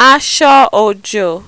Asho Ojo